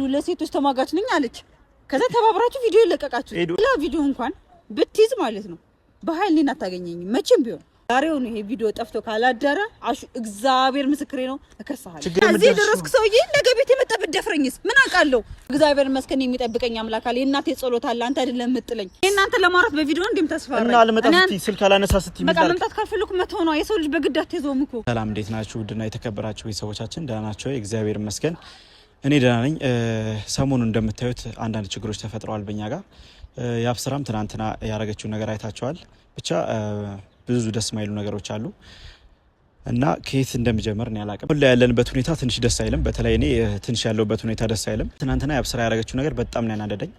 ሄዱ ለሴቶች ተሟጋች ነኝ አለች። ከዛ ተባብራችሁ ቪዲዮ ይለቀቃችሁ። ሌላ ቪዲዮ እንኳን ብትይዝ ማለት ነው በኃይል እኔን አታገኘኝም መቼም ቢሆን። ዛሬውን ይሄ ቪዲዮ ጠፍቶ ካላደረ አሹ እግዚአብሔር ምስክሬ ነው እከሳለሁ። እዚህ ደረስኩ። ሰውዬ ነገ ቤት የመጣ ብደፍረኝስ ምን አውቃለሁ? እግዚአብሔር መስከን የሚጠብቀኝ አምላክ አለ። የእናቴ ጸሎት አለ። አንተ አይደለም የምጥለኝ እናንተ ለማውራት በቪዲዮ እንዴም ተስፋ እና አልመጣም ስትይ ስልክ አላነሳ ስትይ በቃ መምጣት ካልፈለኩ መተው ነው። የሰው ልጅ በግድ አትይዘውም እኮ። ሰላም፣ እንዴት ናችሁ? ውድና የተከበራችሁ ቤተሰቦቻችን ደህና ናቸው። እግዚአብሔር መስከን እኔ ደህና ነኝ። ሰሞኑ እንደምታዩት አንዳንድ ችግሮች ተፈጥረዋል በእኛ ጋር። የአብስራም ትናንትና ያደረገችውን ነገር አይታቸዋል። ብቻ ብዙ ደስ ማይሉ ነገሮች አሉ እና ከየት እንደምጀምር እኔ አላቅም። ሁላ ያለንበት ሁኔታ ትንሽ ደስ አይልም። በተለይ እኔ ትንሽ ያለውበት ሁኔታ ደስ አይልም። ትናንትና የአብስራ ያደረገችው ነገር በጣም ነው ያናደደኝ።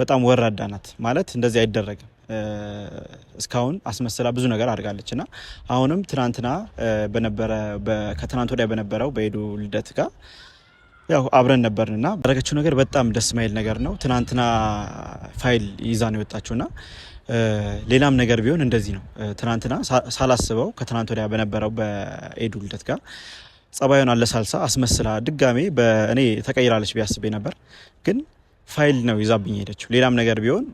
በጣም ወራዳ ናት ማለት እንደዚህ አይደረግም። እስካሁን አስመስላ ብዙ ነገር አድርጋለች እና አሁንም ትናንትና በነበረ ከትናንት ወዲያ በነበረው በሄዱ ልደት ጋር ያው አብረን ነበርን እና ያደረገችው ነገር በጣም ደስ ማይል ነገር ነው። ትናንትና ፋይል ይዛ ነው የወጣችውና ሌላም ነገር ቢሆን እንደዚህ ነው። ትናንትና ሳላስበው ከትናንት ወዲያ በነበረው በኤዱ ልደት ጋር ጸባዩን አለሳልሳ አስመስላ ድጋሜ በእኔ ተቀይራለች ቢያስቤ ነበር፣ ግን ፋይል ነው ይዛብኝ ሄደችው። ሌላም ነገር ቢሆን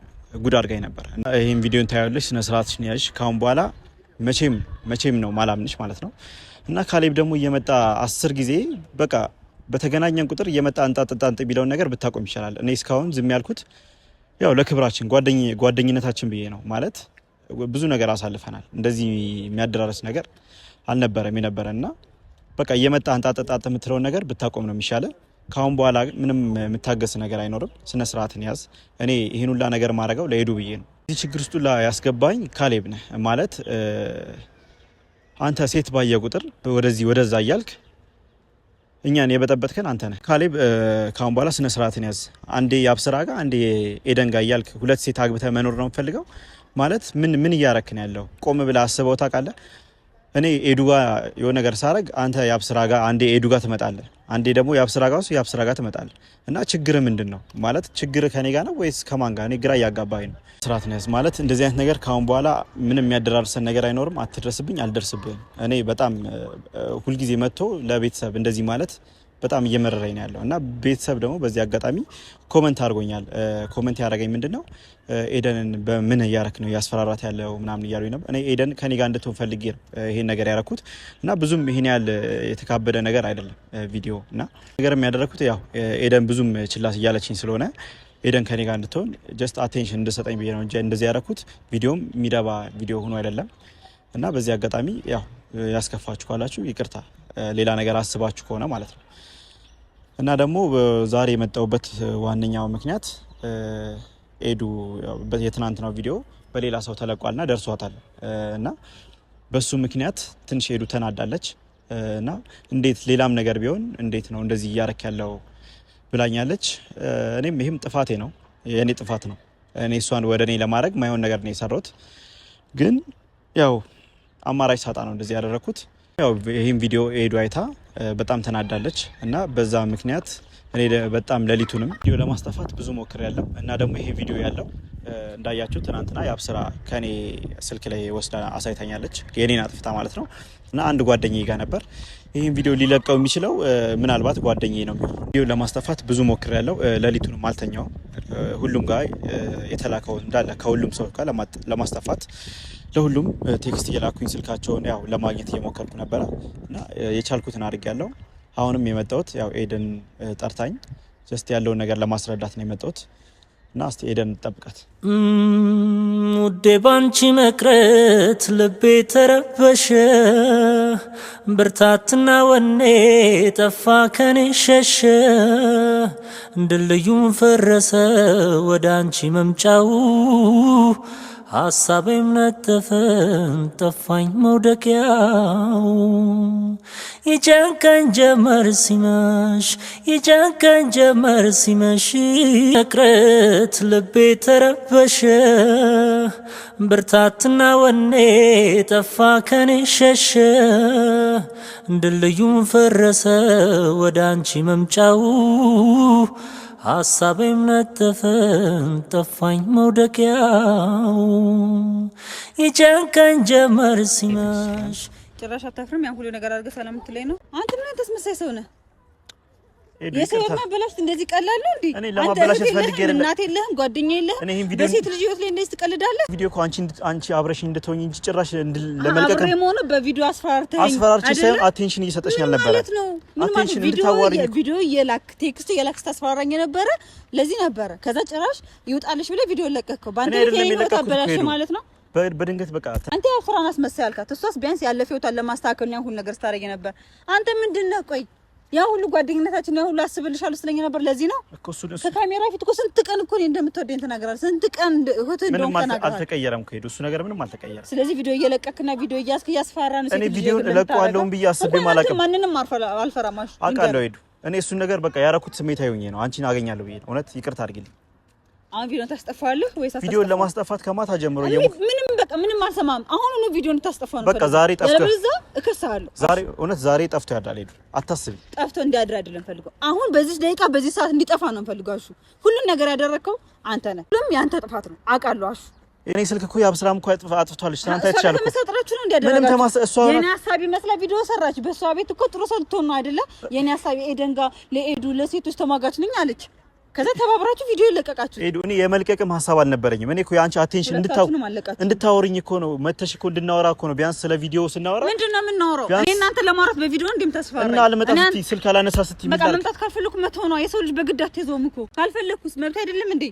ጉድ አድርጋኝ ነበር። ይህም ቪዲዮን ታያለች፣ ስነስርዓትሽን ያዥ፣ ካሁን በኋላ መቼም መቼም ነው ማላምንሽ ማለት ነው። እና ካሌብ ደግሞ እየመጣ አስር ጊዜ በቃ በተገናኘን ቁጥር የመጣ እንጣጥ የሚለውን ነገር ብታቆም ይቻላል። እኔ እስካሁን ዝም ያልኩት ያው ለክብራችን ጓደኝነታችን ብዬ ነው። ማለት ብዙ ነገር አሳልፈናል። እንደዚህ የሚያደራረስ ነገር አልነበረም የነበረ እና በቃ የመጣ እንጣጥ የምትለውን ነገር ብታቆም ነው የሚሻለ። ከአሁን በኋላ ምንም የምታገስ ነገር አይኖርም። ስነ ስርዓትን ያዝ። እኔ ይህን ሁላ ነገር ማድረገው ለሄዱ ብዬ ነው። እዚህ ችግር ውስጡ ላ ያስገባኝ ካሌብ ነህ ማለት አንተ ሴት ባየ ቁጥር ወደዚህ ወደዛ እያልክ እኛን የበጠበጥከን አንተ ነህ። ካሌብ ካሁን በኋላ ስነ ስርዓትን ያዝ። አንዴ የአብስራ ጋ አንዴ ኤደን ጋ እያልክ ሁለት ሴት አግብተህ መኖር ነው የምፈልገው ማለት ምን ምን እያረክን ያለው? ቆም ብለህ አስበው ታውቃለህ? እኔ ኤዱጋ የሆነ ነገር ሳረግ አንተ የአብስራ ጋ አንዴ ኤዱጋ ትመጣለ፣ አንዴ ደግሞ የአብስራ ጋ ውስጥ የአብስራ ጋ ትመጣለ። እና ችግር ምንድን ነው ማለት ችግር ከኔ ጋ ነው ወይስ ከማን ጋ? እኔ ግራ እያጋባኝ ነው። ስራት ነህ ማለት እንደዚህ አይነት ነገር ከአሁን በኋላ ምንም የሚያደራርሰን ነገር አይኖርም። አትድረስብኝ፣ አልደርስብህም። እኔ በጣም ሁልጊዜ መጥቶ ለቤተሰብ እንደዚህ ማለት በጣም እየመረረኝ ነው ያለው እና ቤተሰብ ደግሞ በዚህ አጋጣሚ ኮመንት አድርጎኛል። ኮመንት ያደረገኝ ምንድን ነው ኤደንን በምን እያረክ ነው እያስፈራራት ያለው ምናምን እያሉኝ ነበር። እኔ ኤደን ከኔ ጋር እንድትሆን ፈልጌ ነው ይሄን ነገር ያረኩት እና ብዙም ይሄን ያህል የተካበደ ነገር አይደለም ቪዲዮ እና ነገርም ያደረኩት ያው ኤደን ብዙም ችላስ እያለችኝ ስለሆነ ኤደን ከኔ ጋር እንድትሆን ጀስት አቴንሽን እንድሰጠኝ ብዬ ነው እንጂ እንደዚህ ያረኩት ቪዲዮም የሚደባ ቪዲዮ ሆኖ አይደለም እና በዚህ አጋጣሚ ያው ያስከፋችሁ ካላችሁ ይቅርታ፣ ሌላ ነገር አስባችሁ ከሆነ ማለት ነው። እና ደግሞ ዛሬ የመጣውበት ዋነኛው ምክንያት ኤዱ የትናንትናው ቪዲዮ በሌላ ሰው ተለቋልና ደርሷታል እና በሱ ምክንያት ትንሽ ኤዱ ተናዳለች እና እንዴት ሌላም ነገር ቢሆን እንዴት ነው እንደዚህ እያረክ ያለው ብላኛለች። እኔም ይህም ጥፋቴ ነው፣ የእኔ ጥፋት ነው። እኔ እሷን ወደ እኔ ለማድረግ ማይሆን ነገር ነው የሰራሁት፣ ግን ያው አማራጭ ሳጣ ነው እንደዚህ ያደረግኩት። ያው ይህም ቪዲዮ ኤዱ አይታ በጣም ተናዳለች እና በዛ ምክንያት እኔ በጣም ሌሊቱንም ቪዲዮ ለማስጠፋት ብዙ ሞክር ያለው እና ደግሞ ይሄ ቪዲዮ ያለው እንዳያችሁ ትናንትና የአብስራ ከኔ ስልክ ላይ ወስዳ አሳይታኛለች፣ የኔን አጥፍታ ማለት ነው። እና አንድ ጓደኛ ጋር ነበር ይህን ቪዲዮ ሊለቀው የሚችለው ምናልባት ጓደኛ ነው። ቪዲዮ ለማስጠፋት ብዙ ሞክር ያለው ሌሊቱንም አልተኛውም። ሁሉም ጋር የተላከው እንዳለ ከሁሉም ሰው ጋር ለማስጠፋት ለሁሉም ቴክስት እየላኩኝ ስልካቸውን ያው ለማግኘት እየሞከርኩ ነበረ እና የቻልኩትን አድርጌያለሁ። አሁንም የመጣሁት ያው ኤደን ጠርታኝ ጀስት ያለውን ነገር ለማስረዳት ነው የመጣሁት እና እስቲ ኤደን ጠብቃት ውዴ ባንቺ መቅረት ልቤ ተረበሸ፣ ብርታትና ወኔ ጠፋ ከኔ ሸሸ፣ ድልድዩም ፈረሰ ወደ አንቺ መምጫው ሐሳቤም ነጥፍን ጠፋኝ መውደቂያው ይጨንቀን ጀመር ሲመሽ ይጨንቀን ጀመር ሲመሽ መቅረት ልቤ ተረበሸ ብርታትና ወኔ ጠፋ ከኔ ሸሸ ድልድዩም ፈረሰ ወደ አንቺ መምጫው ሐሳቤም ነጠፈን ጠፋኝ መውደቂያው ይጨንቀን ጀመር ሲመሽ ጭራሽ አታፍርም? ያን ሁሉ ነገር አድርገህ ሰላም ትለኝ ነው። አንተ ምን ተስመሳይ ሰው ነህ? የሰውማ በላሽት እንደዚህ ቀላል ነው እንዴ? እናት የለህም ጓደኛ የለህም። በሴት ልጅ ህይወት ላይ እንደዚህ ትቀልዳለህ? ቪዲዮ እኮ አንቺ አንቺ አብረሽ እንድትሆኝ እንጂ ጭራሽ ለመልቀቅ አብሬ መሆኑ በቪዲዮ አስፈራርተኸኝ አስፈራርቼ ሳይሆን አቴንሽን እየሰጠሽ አልነበረ ነው። አቴንሽን እንድታዋሪ ቪዲዮ የላክ ቴክስት የላክ ስታስፈራራኝ ነበረ። ለዚህ ነበረ ከዛ ጭራሽ ይውጣልሽ ብለህ ቪዲዮ ለቀቅከው። ባንተ ህይወት አበላሽ ማለት ነው። በድንገት በቃ አንተ ያው ስራን አስመሳይ እሷስ ቢያንስ ያለፈ ህይወቷን ለማስተካከል ሁሉ ነገር ስታደርግ ነበር። አንተ ምንድን ቆይ ያ ሁሉ ጓደኝነታችን ያ ሁሉ አስብልሻለሁ ስለኝ ነበር። ለዚህ ነው ከካሜራ ፊት እኮ ስንት ቀን እኮ እኔን እንደምትወደኝ ተናግራለሁ። ስንት ቀን እህት እንደሆነ ተናግራለሁ። አልተቀየረም ከሄዱ እሱ ነገር ምንም አልተቀየረም። ስለዚህ ቪዲዮ እየለቀክና ቪዲዮ እያስክ እያስፈራ ነው። እኔ ቪዲዮ እለቀዋለሁ ብዬ አስቤ ማላቀም ማንንም አልፈራም። አውቃለሁ ሄዱ። እኔ እሱን ነገር በቃ ያረኩት ስሜት አይሆኜ ነው አንቺን አገኛለሁ ብዬ ነው። እውነት ይቅርታ አድርጊልኝ አሁን ቪዲዮን ታስጠፋለህ ወይስ አስጠፋ? ቪዲዮን ለማስጠፋት ከማታ ጀምሮ ምንም በቃ ምንም አልሰማም። አሁን ነው ቪዲዮን ታስጠፋ ነው በቃ ዛሬ ጠፍቶ እከሳለሁ። ዛሬ እውነት ዛሬ ጠፍቶ ያዳል። ሄዱ አታስቢ። ጠፍቶ እንዲያድር አይደለም ፈልገው። አሁን በዚህ ደቂቃ በዚህ ሰዓት እንዲጠፋ ነው ፈልገው። እሱ ሁሉን ነገር ያደረግከው አንተ ነህ። ሁሉም ያንተ ጥፋት ነው አውቃለሁ። አሹ የኔ ስልክ እኮ የአብስራም እኮ አጥፍቷለች። ትናንት አይቻልኩ ምንም ተማስ እሷ የኔ ሀሳብ ይመስላል ቪዲዮ ሰራች። በእሷ ቤት እኮ ጥሩ ሰልቶ ነው አይደለ? የኔ ሀሳብ ኤደን ጋ ለኤዱ ለሴቶች ተሟጋች ነኝ አለች ከዛ ተባብራችሁ ቪዲዮ ይለቀቃችሁ። ኤዱ እኔ የመልቀቅም ሀሳብ አልነበረኝም። እኔ እኮ የአንቺ አቴንሽን እንድታወሪኝ እኮ ነው፣ መተሽ እኮ እንድናወራ እኮ ነው። ቢያንስ ስለ ቪዲዮ ስናወራ ምንድን ነው የምናወራው? እኔ እናንተ ለማውራት በቪዲዮ እንዲም ተስፋ እና አልመጣ ስትይ ስልክ አላነሳ ስትይ በቃ መምጣት ካልፈለኩ መተው ነው። የሰው ልጅ በግድ አትይዘውም እኮ ካልፈለኩስ መብት አይደለም እንዴ?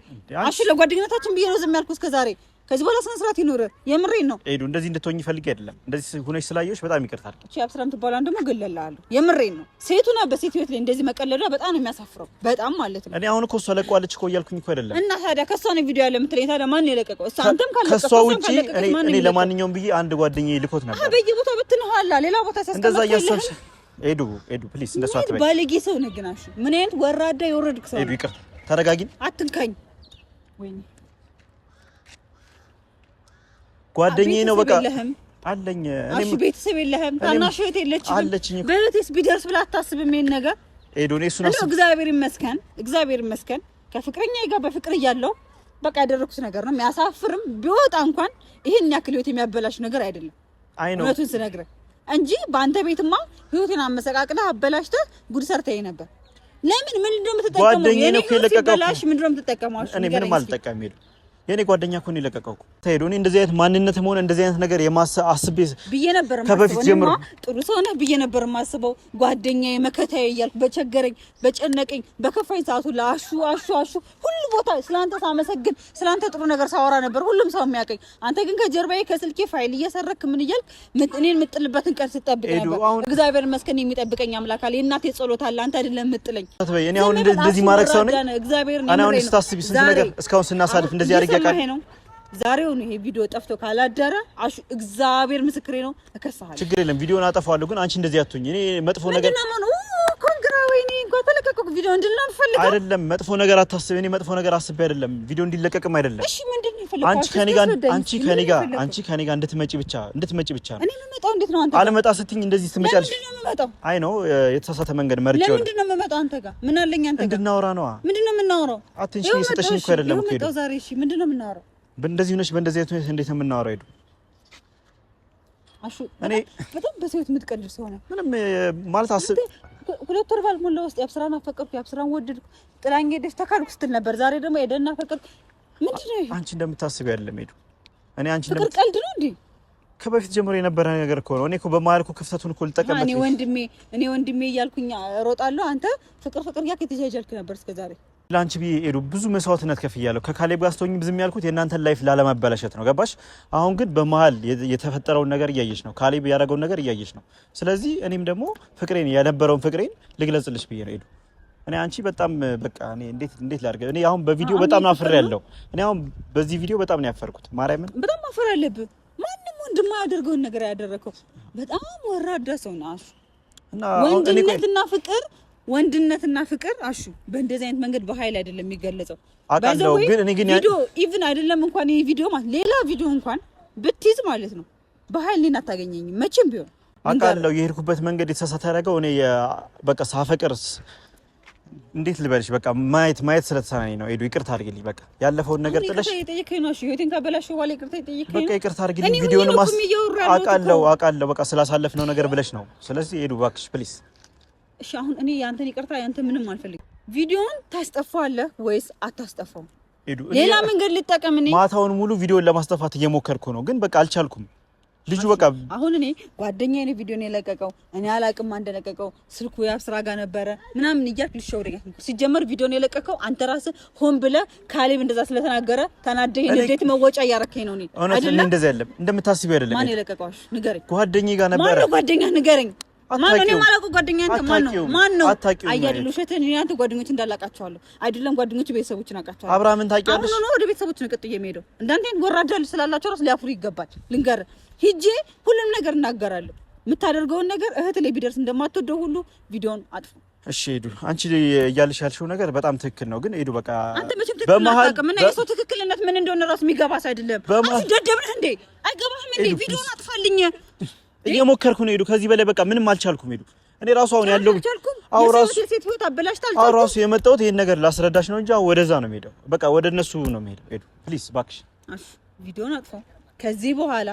አሽ ለጓደኝነታችን ብዬ ነው ዝም ያልኩ እስከ ዛሬ ከዚህ በኋላ ስነ ስርዓት ይኖረ። የምሬን ነው ኤዱ፣ እንደዚህ እንድትሆኝ ፈልጌ አይደለም። እንደዚህ ሆነሽ ስላየሁሽ በጣም ይቅርታል። እቺ አብስራም ትባላን ደግሞ ገለላለሁ። የምሬን ነው። ሴቱና በሴት ህይወት ላይ እንደዚህ መቀለሏ በጣም ነው የሚያሳፍረው። በጣም ማለት ነው። እኔ አሁን እኮ እሷ ለቀዋለች እኮ እያልኩኝ እኮ አይደለም። እና ታዲያ ከሷ ነው ቪዲዮ ያለ የምትለኝ። ታዲያ ማን የለቀቀው? እሷ አንተም ካለቀቀው ከሷ ውጪ እኔ ለማንኛውም ብዬ አንድ ጓደኛዬ ልኮት ነበር። አህ በየቦታው ብትነዋላ ሌላ ቦታ እንደዛ እያሰብሽ ኤዱ፣ ኤዱ ኤዱ ፕሊስ፣ እንደሷ አትበይ። ባለጌ ሰው ነግናሽ። ምን አይነት ወራዳ የወረድክ ሰው። ኤዱ ይቅርታ፣ ተረጋጊ፣ አትንካኝ። ወይኔ ጓደኛዬ ነው በቃ አለኝ። እሺ ቤተሰብ የለህም? ታናሽ እህት የለችም? አለችኝ። በእህቴስ ቢደርስ ብላ አታስብም? ይሄን ነገር ኤዶኔ እሱን አስብ። እግዚአብሔር ይመስገን፣ እግዚአብሔር ይመስገን ከፍቅረኛ ጋር በፍቅር እያለሁ በቃ ያደረኩት ነገር ነው። የሚያሳፍርም ቢወጣ እንኳን ይሄን ያክል ህይወት የሚያበላሽ ነገር አይደለም። አይ ነው እውነቱን ስነግርህ እንጂ በአንተ ቤትማ ህይወቴን አመሰቃቅለህ አበላሽተህ ጉድ ሰርተኸኝ ነበር። ለምን ምን እንደምትጠቀመው ጓደኛዬ ነው እኮ የለቀቀው። በላሽ ምንድነው የምትጠቀመው? እኔ ምንም አልጠቀም። የኔ ጓደኛ እኮ ነው የለቀቀው። ተሄዶ እኔ እንደዚህ አይነት ማንነት መሆን እንደዚህ አይነት ነገር የማሰ ብዬ ነበር ከበፊት ጀምሮ ጥሩ ሰው ነህ ብዬ ነበር የማስበው ጓደኛዬ፣ መከታዬ እያልኩ በቸገረኝ፣ በጨነቀኝ፣ በከፋኝ ሰዓቱ ለአሹ አሹ አሹ ሁሉ ቦታ ስለአንተ ሳመሰግን ስለአንተ ጥሩ ነገር ሳወራ ነበር ሁሉም ሰው የሚያቀኝ አንተ ግን ከጀርባዬ ከስልኬ ፋይል እየሰረክ ምን እያልክ እኔን የምጥልበትን ቀን ስጠብቅ ነበር። እግዚአብሔር ይመስገን የሚጠብቀኝ አምላክ አለ። የእናቴ ጸሎት አለ። አንተ አይደለም የምጥለኝ። እኔ አሁን እንደዚህ ማድረግ ሰው ነኝ። እግዚአብሔር ነው። እኔ አሁን ስታስቢ ስንት ነገር እስካሁን ስናሳልፍ እንደዚህ አድርጌ እየሰማህ ነው። ዛሬውን ይሄ ቪዲዮ ጠፍቶ ካላደረ አሹ እግዚአብሔር ምስክሬ ነው፣ እከሳለሁ። ችግር የለም ቪዲዮን አጠፋዋለሁ። ግን አንቺ እንደዚህ አትሁኝ። እኔ መጥፎ ነገር ነው አይደለም መጥፎ ነገር አታስብ። እኔ መጥፎ ነገር አስቤ አይደለም፣ ቪዲዮ እንዲለቀቅም አይደለም። እሺ ምንድነው የፈለከው? አንቺ ከኔ አንቺ ከኔ ጋር አንቺ ከኔ ጋር እንድትመጪ ብቻ እንድትመጪ ብቻ ነው። እኔ የምመጣው እንዴት ነው? አንተ አልመጣ ስትኝ እንደዚህ ትመጫለሽ? አይ ነው የተሳሳተ መንገድ መርጬ ነው። ለምንድን ነው የምመጣው? አንተ ጋር ምን አለኝ? አንተ ጋር እንድናወራ ነው። ምንድን ነው የምናወራው? አቴንሽን እየሰጠሽኝ እኮ አይደለም እኮ ነው ዛሬ። እሺ ምንድን ነው የምናወራው? በእንደዚህ ሆነሽ በእንደዚህ አይነት ሁኔታ እንዴት ነው የምናወራው? ሄዱ አሹ እኔ በጣም በሰው የምትቀልድ ሰው ነው። ምንም ማለት አስብ ሁለት ወር ባልሞላ ውስጥ የአብስራን አፈቀርኩ፣ የአብስራን ወደድኩ፣ ጥላኝ ሄደች ተካድኩ ስትል ነበር። ዛሬ ደግሞ የደን አፈቀርኩ። ምንድን ነው ይሄ? አንቺ እንደምታስቢው አይደለም ሄዱ። እኔ አንቺ ፍቅር ቀልድ ነው እንዴ? ከበፊት ጀምሮ የነበረ ነገር ከሆነ እኔ እኮ በመሀል ክፍተቱን እኮ ልጠቀምበት እኔ ወንድሜ እኔ ወንድሜ እያልኩኝ እሮጣለሁ። አንተ ፍቅር ፍቅር እያልክ የተጃጃልክ ነበር እስከዛሬ ለአንቺ ብዬ ሄዱ ብዙ መስዋዕትነት ከፍያለሁ። ከካሌብ ጋር ስትሆኝ ዝም ያልኩት የእናንተን ላይፍ ላለማበላሸት ነው። ገባሽ? አሁን ግን በመሀል የተፈጠረውን ነገር እያየች ነው። ካሌብ ያደረገውን ነገር እያየች ነው። ስለዚህ እኔም ደግሞ ፍቅሬን የነበረውን ፍቅሬን ልግለጽልሽ ብዬ ነው ሄዱ። እኔ አንቺ በጣም በቃ እኔ እንዴት እንዴት ላድርግ? እኔ አሁን በቪዲዮ በጣም ናፍር ያለው እኔ አሁን በዚህ ቪዲዮ በጣም ነው ያፈርኩት። ማርያምን በጣም ማፈር አለብህ። ማንም ወንድማ ያደርገውን ነገር ያደረከው በጣም ወራዳ ሰው ነው። እና ወንድነትና ፍቅር ወንድነትና ፍቅር አሹ በእንደዚህ አይነት መንገድ በኃይል አይደለም የሚገለጸው። አቃለው ግን እኔ ግን ቪዲዮ ኢቭን አይደለም እንኳን ይሄ ቪዲዮ ማለት ሌላ ቪዲዮ እንኳን ብትይዝ ማለት ነው በኃይል እኔን አታገኘኝም መቼም ቢሆን አቃለው። የሄድኩበት መንገድ የተሳሳተ ያደረገው እኔ በቃ ሳፈቅርስ እንዴት ልበልሽ፣ በቃ ማየት ማየት ስለተሳናኝ ነው። ኤዱ ይቅርታ አድርግልኝ። በቃ ያለፈውን ነገር ጥለሽ የጠየቀኝ ነው። እሺ ህይወቴን ካበላሽ በኋላ ይቅርታ የጠየቀኝ በቃ ይቅርታ አድርግልኝ። ቪዲዮን ማስ አቃለው አቃለው በቃ ስላሳለፍነው ነገር ብለሽ ነው። ስለዚህ ኤዱ እባክሽ ፕሊስ እሺ አሁን እኔ ያንተን ይቅርታ ያንተ ምንም አልፈልግም። ቪዲዮን ታስጠፋለህ ወይስ አታስጠፋውም? ሌላ መንገድ ልጠቀም። እኔ ማታውን ሙሉ ቪዲዮን ለማስጠፋት እየሞከርኩ ነው፣ ግን በቃ አልቻልኩም። ልጁ በቃ አሁን እኔ ጓደኛ ቪዲዮ ነው ቪዲዮን የለቀቀው እኔ አላቅም እንደለቀቀው ስልኩ ያብ ስራ ጋር ነበረ ምናምን እያልክ ልሸውደኛ ሲጀመር ቪዲዮ ነው የለቀቀው አንተ ራስ ሆን ብለ ካሌብ እንደዛ ስለተናገረ ተናደህ ንዴት መወጫ እያረከኝ ነው። እኔ እውነት እንደዛ አይደለም እንደምታስቢው አይደለም። ማን የለቀቀው ንገረኝ። ጓደኛ ጋር ነበረ። ማነው ጓደኛ ንገረኝ ጓደኞች እንዳላቃቸዋለሁ አይደለም፣ ጓደኞች ቤተሰቦችን አውቃቸዋለሁ። አብርሃምን ታውቂያለሽ? አሁን ወደ ቤተሰቦች ነው ቅጥዬ የሚሄደው። እንዳንተ ጎራዳ ስላላቸው ራስ ሊያፍሩ ይገባል። ልንገርህ፣ ሂጄ ሁሉም ነገር እናገራለሁ። የምታደርገውን ነገር እህት ላይ ቢደርስ እንደማትወደው ሁሉ ቪዲዮን አጥፉ። እሺ ኤዱ፣ አንቺ እያልሽ ያልሽው ነገር በጣም ትክክል ነው። ግን ኤዱ በቃ አንተ መቼም ትክክል አታውቅም፣ እና የሰው ትክክልነት ምን እንደሆነ ራሱ የሚገባ አይደለም። አንተ ደደብነህ እንዴ? አይገባህም እንዴ? ቪዲዮን አጥፋልኝ እየሞከርኩ ነው ሄዱ። ከዚህ በላይ በቃ ምንም አልቻልኩም ሄዱ። እኔ ራሱ አሁን ያለው አው ራሱ አው ራሱ የመጣሁት ይሄን ነገር ላስረዳሽ ነው እንጂ ወደዛ ነው የምሄደው። በቃ ወደ እነሱ ነው የምሄደው። ሄዱ ፕሊዝ እባክሽ፣ ቪዲዮን አጥፋ። ከዚህ በኋላ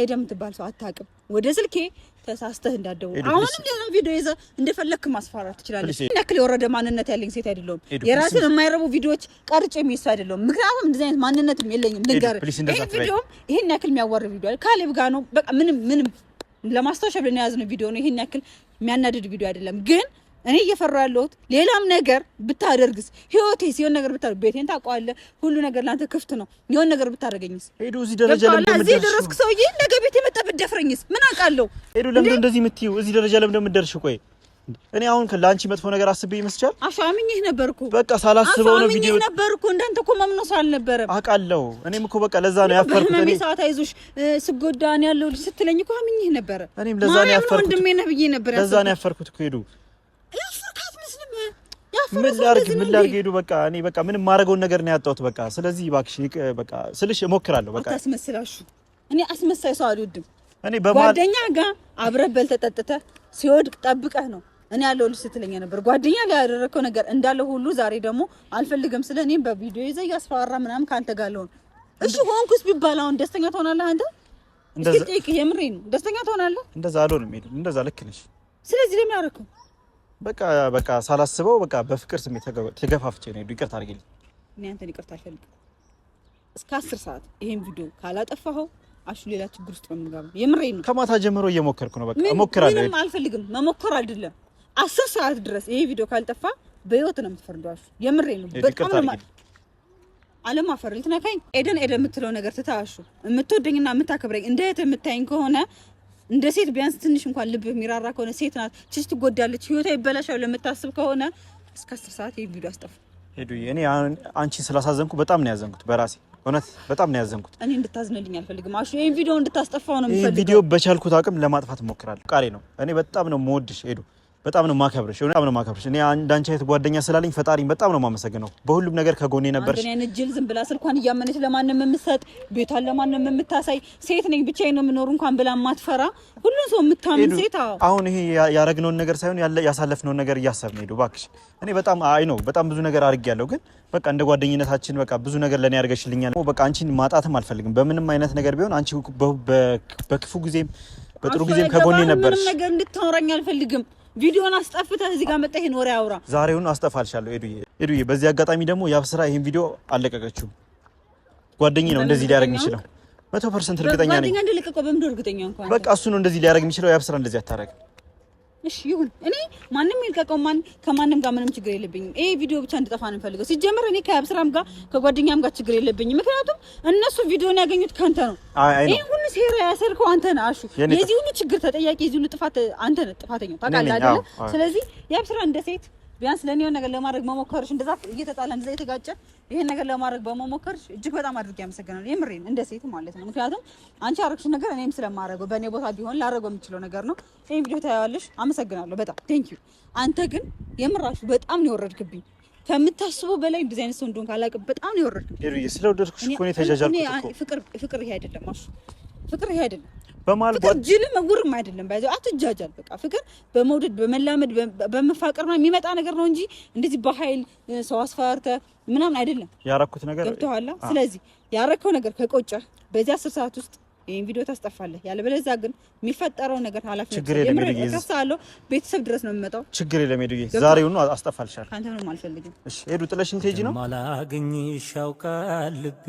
ኤደም ትባል ሰው አታውቅም። ወደ ስልኬ ተሳስተህ እንዳደው አሁንም ደግሞ ቪዲዮ ይዘህ እንደፈለክ ማስፈራራት ትችላለህ። ምን ያክል የወረደ ማንነት ያለኝ ሴት አይደለሁም። የራስን የማይረቡ ቪዲዮዎች ቀርጭ የሚስ አይደለሁም። ምክንያቱም እንደዚህ አይነት ማንነትም የለኝም። ንገር ይሄ ቪዲዮም ይሄን ያክል የሚያወር ቪዲዮ አለ ካሌብ ጋር ነው። በቃ ምንም ምንም ለማስታወሻ ብለን የያዝነው ቪዲዮ ነው። ይሄን ያክል የሚያናድድ ቪዲዮ አይደለም ግን እኔ እየፈራ ያለሁት ሌላም ነገር ብታደርግስ፣ ህይወቴስ የሆነ ነገር ብታደርግ፣ ቤቴን ታውቀዋለህ፣ ሁሉ ነገር ለአንተ ክፍት ነው። የሆነ ነገር ብታደርገኝስ፣ ሄዱ እዚህ ደረጃ እዚህ ደረስክ ሰውዬ፣ ነገ ቤት የመጣ ብደፍረኝስ? ምን አውቃለሁ? ሄዱ ለምደ እንደዚህ የምትይው? እዚህ ደረጃ ለምደ እንደምትደርሽ? ቆይ እኔ አሁን ለአንቺ መጥፎ ነገር አስቤ ይመስቻል? አሻምኝህ ነበርኩ። በቃ ሳላስበው ነው ቪዲዮ ነበርኩ። እንዳንተ እኮ መምኖስ አልነበረም። አውቃለሁ። እኔም እኮ በቃ ለዛ ነው ያፈርኩት። እኔ ሰዓት አይዞሽ ስጎዳ እኔ ያለሁልሽ ስትለኝ እኮ አምኜህ ነበረ። እኔም ለዛ ነው ያፈርኩት። ወንድሜ ነህ ብዬ ነበር። ለዛ ነው ያፈርኩት እኮ ሄዱ ምን ላድርግ ምን ላድርግ ሄዱ በቃ እኔ በቃ ምንም ማድረገውን ነገር ነው ያጣሁት። በቃ ስለዚህ እባክሽ በቃ ስልሽ እሞክራለሁ። በቃ አታስመስላችሁ። እኔ አስመሳይ ሰው አልወድም። እኔ ጓደኛ ጋር አብረህ በልተህ ጠጥተህ ሲወድቅ ጠብቀህ ነው እኔ ያለው ልጅ ስትለኝ ነበር። ጓደኛ ላይ ያደረከው ነገር እንዳለ ሁሉ ዛሬ ደግሞ አልፈልግም ስለ እኔም በቪዲዮ ይዘህ እያስፈራራ ምናምን ከአንተ ጋር ለሆን እሺ ሆንኩስ ቢባል አሁን ደስተኛ ትሆናለህ አንተ? እስኪ ጠይቅ። የምሬን ነው። ደስተኛ ትሆናለህ? እንደዛ አልሆንም። እንደዛ ልክ ነሽ። ስለዚህ ለምን አደረከው? በቃ በቃ ሳላስበው በቃ በፍቅር ስሜት ተገፋፍቼ ነው ሄዱ። ይቅርታ አድርጊልኝ። እኔ አንተን ይቅርታ አልፈልግም። እስከ አስር ሰዓት ይሄን ቪዲዮ ካላጠፋኸው አሹ ሌላ ችግር ውስጥ ነው የምንገባው። የምሬን ነው። ከማታ ጀምሮ እየሞከርኩ ነው። በቃ እሞክራለሁ። ምንም አልፈልግም። መሞከር አይደለም አስር ሰዓት ድረስ ይሄ ቪዲዮ ካልጠፋ በህይወት ነው የምትፈርደው። አሹ የምሬን ነው። በጣም አለም አፈር ልትነካኝ ኤደን ኤደን የምትለው ነገር ትታሹ የምትወደኝና የምታከብረኝ እንደ እህት የምታይኝ ከሆነ እንደ ሴት ቢያንስ ትንሽ እንኳን ልብ የሚራራ ከሆነ ሴት ናት፣ ችች ትጎዳለች፣ ህይወቷ ይበላሻል ለምታስብ ከሆነ እስከ አስር ሰዓት ይሄ ቪዲዮ አስጠፉ። ሄዱ እኔ አንቺን ስላሳዘንኩ በጣም ነው ያዘንኩት በራሴ እውነት በጣም ነው ያዘንኩት። እኔ እንድታዝንልኝ አልፈልግም አሹ። ይሄን ቪዲዮ እንድታስጠፋው ነው የምፈልገው። ይሄን ቪዲዮ በቻልኩት አቅም ለማጥፋት እሞክራለሁ። ቃሌ ነው። እኔ በጣም ነው የምወድሽ ሄዱ በጣም ነው ማከብርሽ፣ በጣም ነው ማከብርሽ። እኔ እንዳንቺ አይነት ጓደኛ ስላለኝ ፈጣሪን በጣም ነው ማመሰግነው። በሁሉም ነገር ከጎኔ ነበርሽ። እኔን ጅል ዝም ብላ ስልኳን እያመነች ለማንም የምትሰጥ ቤቷን ለማንም የምታሳይ ሴት ነኝ ብቻዬን ነው የምኖር እንኳን ብላ ማትፈራ፣ ሁሉን ሰው የምታምን ሴት። አሁን ይሄ ያረግነውን ነገር ሳይሆን ያሳለፍነውን ነገር እያሰብን ሄዱ። እባክሽ እኔ በጣም አይ ነው በጣም ብዙ ነገር አድርጌያለሁ፣ ግን በቃ እንደ ጓደኝነታችን በቃ ብዙ ነገር ለኔ ያርገሽልኛል። በቃ አንቺን ማጣትም አልፈልግም በምንም አይነት ነገር ቢሆን። አንቺ በክፉ ጊዜም በጥሩ ጊዜም ከጎኔ ነበርሽ። ምንም ነገር እንድታወራኝ አልፈልግም ቪዲዮን አስጠፍተህ እዚህ ጋር መጣ ይሄን ወሬ አውራ። ዛሬውን አስጠፋልሻለሁ ኤዱዬ። ኤዱዬ በዚህ አጋጣሚ ደግሞ ያብስራ ይሄን ቪዲዮ አለቀቀችው። ጓደኛዬ ነው እንደዚህ ሊያደርግ የሚችለው። መቶ ፐርሰንት እርግጠኛ ነኝ። በቃ እሱ ነው እንደዚህ ሊያደርግ የሚችለው። ያብስራ እንደዚህ አታደርግም። እሺ ይሁን። እኔ ማንም ይልቀቀው፣ ማን ከማንም ጋር ምንም ችግር የለብኝም። ይሄ ቪዲዮ ብቻ እንድጠፋ ነው የምፈልገው። ሲጀምር እኔ ከአብስራም ጋር ከጓደኛም ጋር ችግር የለብኝም፣ ምክንያቱም እነሱ ቪዲዮን ያገኙት ከአንተ ነው። ይሄ ሁሉ ሴራ ያሰርከው አንተ ነህ አሹ። የዚህ ሁሉ ችግር ተጠያቂ፣ የዚህ ሁሉ ጥፋት አንተ ነህ፣ ጥፋተኛው ታውቃለህ አይደለ? ስለዚህ የብስራ እንደ ሴት ቢያንስ ለኔ የሆነ ነገር ለማድረግ መሞከርሽ እንደዛ እየተጣለ እንደዛ እየተጋጨ ይሄን ነገር ለማድረግ በመሞከርሽ እጅግ በጣም አድርጌ ያመሰግናል። የምሬን እንደ ሴት ማለት ነው። ምክንያቱም አንቺ ያረግሽ ነገር እኔም ስለማረገው በእኔ ቦታ ቢሆን ላረገው የምችለው ነገር ነው። ይሄን ቪዲዮ ታያለሽ። አመሰግናለሁ በጣም ቴንኪዩ። አንተ ግን የምራሹ በጣም ነው የወረድክብኝ ከምታስበው በላይ እንደዚህ አይነት ሰው እንደሆንክ አላውቅም። በጣም ነው የወረድክብኝ። ስለወደድኩሽ እኮ ነው የተጃጃልኩት ፍቅር ፍቅር ይሄ አይደለም አሹ ፍቅር ይሄ አይደለም በማል ፍቅር ጅልም ውርም አይደለም። ባይዘው አትጃጃል። በቃ ፍቅር በመውደድ በመላመድ በመፋቀር ነው የሚመጣ ነገር ነው እንጂ እንደዚህ በኃይል ሰው አስፈራርተ ምናምን አይደለም። ያረኩት ነገር ገብቶሃል። ስለዚህ ያረከው ነገር ከቆጨ በዚህ አስር ሰዓት ውስጥ ይሄን ቪዲዮ ታስጠፋለህ። ያለበለዚያ ግን የሚፈጠረው ነገር ኃላፊነት ቤተሰብ ድረስ ነው የሚመጣው። ችግር የለም። ሄዱ ዛሬውኑ አስጠፋልሻለሁ። አንተ ምንም አልፈልግም። ሄዱ ጥለሽኝ ትሄጂ ነው ማላገኝሽ ያውቃል ልቤ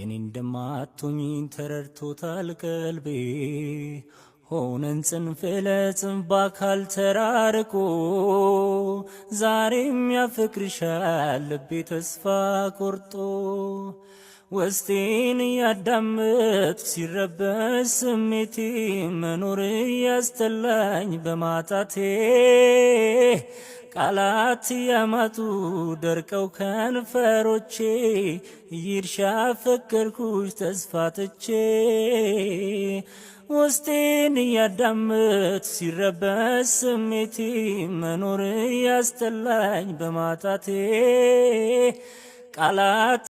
የኔ እንደማቶኝ ተረድቶታል ቀልቤ ሆነን ጽንፍ ለጽንፍ በአካል ተራርቆ ዛሬም ያፍቅርሻል ልቤ ተስፋ ቆርጦ ውስጤን እያዳመጥ ሲረበስ ስሜቴ መኖር እያስጠላኝ በማጣቴ ቃላት ያማጡ ደርቀው ከንፈሮቼ ይርሻ ፍቅርኩሽ ተስፋ ትቼ ውስጤን እያዳምጥ ሲረበስ ስሜቴ መኖር ያስጠላኝ በማጣቴ ቃላት